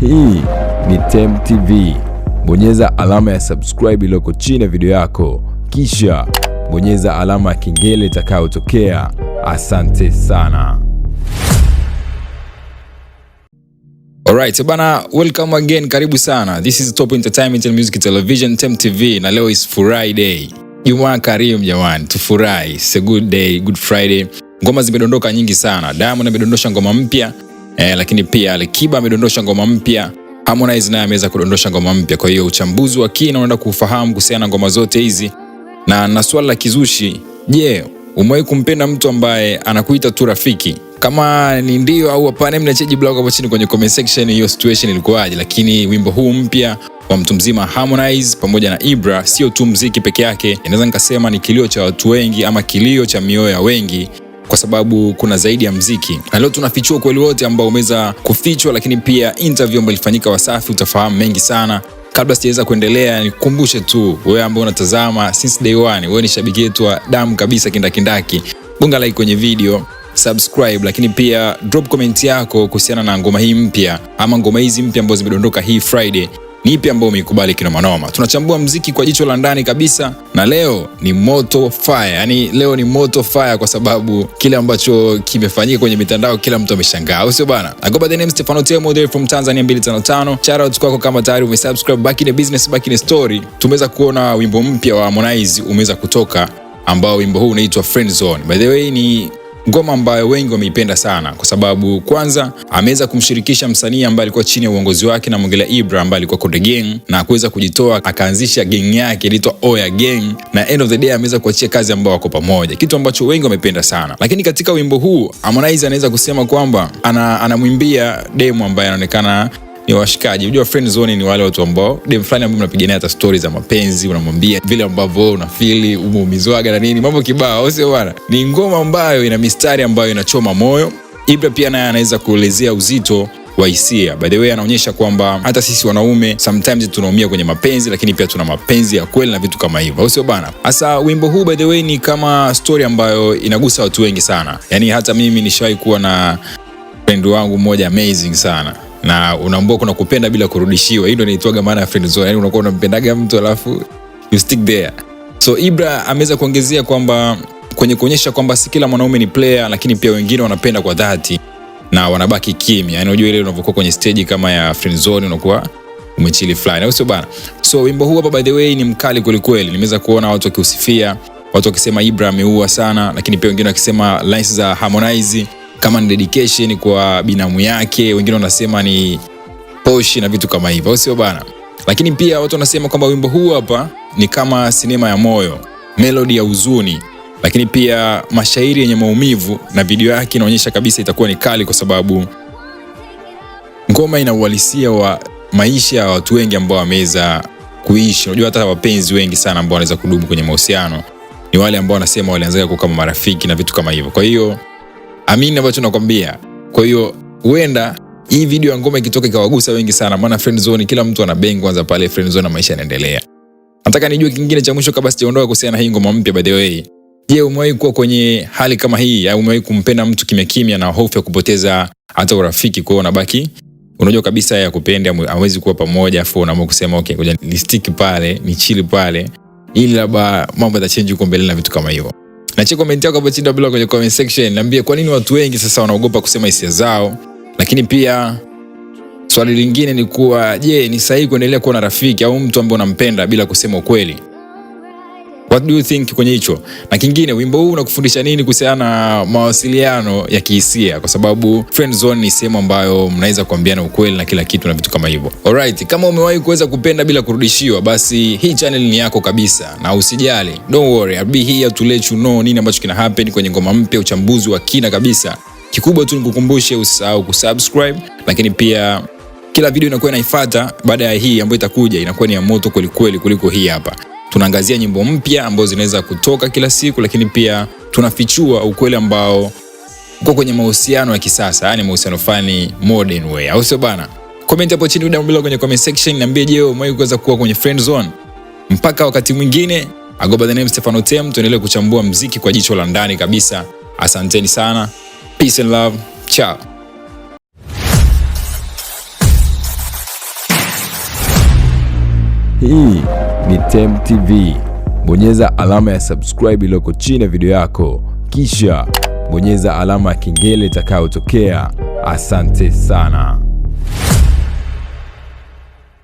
Hii ni Tem TV. Bonyeza alama ya subscribe iliyoko chini ya video yako, kisha bonyeza alama ya kengele itakayotokea. Asante sana. Alright, bana, welcome again, karibu sana. This is Top Entertainment and Music Television, Tem TV, na leo is Friday. Jumaa karimu jamani, tufurahi. It's a good day, good Friday. Ngoma zimedondoka nyingi sana. Diamond amedondosha ngoma mpya eh, lakini pia Alikiba amedondosha ngoma mpya, Harmonize naye ameweza kudondosha ngoma mpya. Kwa hiyo uchambuzi wa kina unaenda kufahamu kuhusiana na ngoma zote hizi, na na swala la kizushi, je, umewahi kumpenda mtu ambaye anakuita tu rafiki? Kama ni ndio au hapana, mniachie jibu lako hapo chini kwenye comment section, hiyo situation ilikuwaje? Lakini wimbo huu mpya wa mtu mzima Harmonize pamoja na Ibra sio tu mziki peke yake, inaweza nikasema ni kilio cha watu wengi ama kilio cha mioyo ya wengi kwa sababu kuna zaidi ya mziki, na leo tunafichua ukweli wote ambao umeweza kufichwa, lakini pia interview ambayo ilifanyika Wasafi, utafahamu mengi sana. Kabla sijaweza kuendelea, nikukumbushe tu wewe ambao unatazama since day one, wewe ni shabiki yetu wa damu kabisa kindakindaki, bonga like kwenye video subscribe lakini pia drop comment yako kuhusiana na ngoma hii mpya ama ngoma hizi mpya ambazo zimedondoka hii Friday ni ipi ambayo umeikubali kinomanoma. Tunachambua mziki kwa jicho la ndani kabisa, na leo ni moto fire, yani leo ni moto fire kwa sababu kile ambacho kimefanyika kwenye mitandao kila mtu ameshangaa, au sio bana? I the name Stefano Temo there from Tanzania 255. Shout out kwako kama tayari umesubscribe. Back in the business, back in the story. Tumeweza kuona wimbo mpya wa Harmonize umeweza kutoka ambao wimbo huu unaitwa Friend Zone. By the way ni ngoma ambayo wengi wameipenda sana, kwa sababu kwanza ameweza kumshirikisha msanii ambaye alikuwa chini ya uongozi wake na Mongela Ibra ambaye alikuwa Konde geng na kuweza kujitoa akaanzisha gang yake inaitwa Oya Gang, na end of the day ameweza kuachia kazi ambao wako pamoja, kitu ambacho wengi wamependa sana. Lakini katika wimbo huu Harmonize anaweza kusema kwamba anamwimbia ana demu ambaye anaonekana ni washikaji. Unajua friend zone ni wale watu ambao dem fulani ambao mnapigania hata stories za mapenzi, unamwambia vile ambavyo unafili, umeumizwaga na nini, mambo kibao, au sio bwana. Ni ngoma ambayo ina mistari ambayo inachoma moyo. Ibra pia naye anaweza kuelezea uzito wa hisia. By the way, anaonyesha kwamba hata sisi wanaume sometimes tunaumia kwenye mapenzi, lakini pia tuna mapenzi ya kweli na vitu kama hivyo, au sio bana? Hasa wimbo huu by the way ni kama story ambayo inagusa watu wengi sana, yaani hata mimi nishawahi kuwa na friend wangu mmoja amazing sana na unaambua kuna kupenda bila kurudishiwa. Hii ndio inaitwaga maana ya friend zone, yani unakuwa unampendaga mtu alafu you stick there. So Ibra ameweza kuongezea kwamba kwenye kuonyesha kwamba si kila mwanaume ni player, lakini pia wengine wanapenda kwa dhati na wanabaki kimya. Yani unajua ile unavyokuwa kwenye stage kama ya friend zone unakuwa umechili fly, na sio bana. So wimbo huu hapa by the way ni mkali kweli kweli, nimeweza kuona watu wakiusifia, watu wakisema Ibra ameua sana, lakini pia wengine wakisema lines za Harmonize kama ni dedication kwa binamu yake, wengine wanasema ni poshi na vitu kama hivyo, sio bana. Lakini pia watu wanasema kwamba wimbo huu hapa ni kama sinema ya moyo, melodi ya huzuni, lakini pia mashairi yenye maumivu, na video yake inaonyesha kabisa itakuwa ni kali, kwa sababu ngoma ina uhalisia wa maisha ya watu wengi ambao wameweza kuishi. Unajua hata wapenzi wengi sana ambao wanaweza kudumu kwenye mahusiano ni wale ambao wanasema walianza kuwa kama marafiki na vitu kama hivyo. Kwa hiyo Amini ambacho nakwambia. Kwa hiyo huenda hii video ya ngoma ikitoka ikawagusa wengi sana, maana friend zone kila mtu ana bengi kwanza pale friend zone na maisha yanaendelea. Nataka nijue kingine cha mwisho kabla sijaondoka kuhusiana na hii ngoma mpya by the way. Je, umewahi kuwa kwenye hali kama hii au umewahi kumpenda mtu kimya kimya na hofu ya kupoteza hata urafiki kwao unabaki? Unajua kabisa ya kupenda hawezi kuwa pamoja afu unaamua kusema okay, ngoja nistiki pale, ni nichili pale ili labda mambo yatachange huko mbele na vitu kama hivyo. Naachia comment yako hapo chini bila kwenye comment section, niambie kwa nini watu wengi sasa wanaogopa kusema hisia zao. Lakini pia swali lingine ni kuwa je, ni sahihi kuendelea kuwa na rafiki au mtu ambaye unampenda bila kusema ukweli? What do you think kwenye hicho? Na kingine, wimbo huu unakufundisha nini kuhusiana na mawasiliano ya kihisia, kwa sababu friend zone ni sehemu ambayo mnaweza kuambiana ukweli na kila kitu na vitu kama hivyo. Alright, kama umewahi kuweza kupenda bila kurudishiwa, basi hii channel ni yako kabisa, na usijali, don't worry, I'll be here to let you know nini ambacho kina happen kwenye ngoma mpya, uchambuzi wa kina kabisa. Kikubwa tu nikukumbushe, usisahau kusubscribe, lakini pia kila video inakuwa inaifuata baada ya hii ambayo itakuja, inakuwa ni ya moto kwelikweli kuliko hii hapa tunaangazia nyimbo mpya ambazo zinaweza kutoka kila siku, lakini pia tunafichua ukweli ambao uko kwenye mahusiano ya kisasa, yani mahusiano fani modern way, au sio bana? Comment hapo chini muda kwenye comment section, niambie, je, umewahi kuweza kuwa kwenye friend zone? Mpaka wakati mwingine, agoba the name Stefano Tem, tuendelee kuchambua mziki kwa jicho la ndani kabisa. Asanteni sana, peace and love, ciao. Hii ni Tem TV. Bonyeza alama ya subscribe iliyoko chini ya video yako, kisha bonyeza alama ya kengele itakayotokea. Asante sana.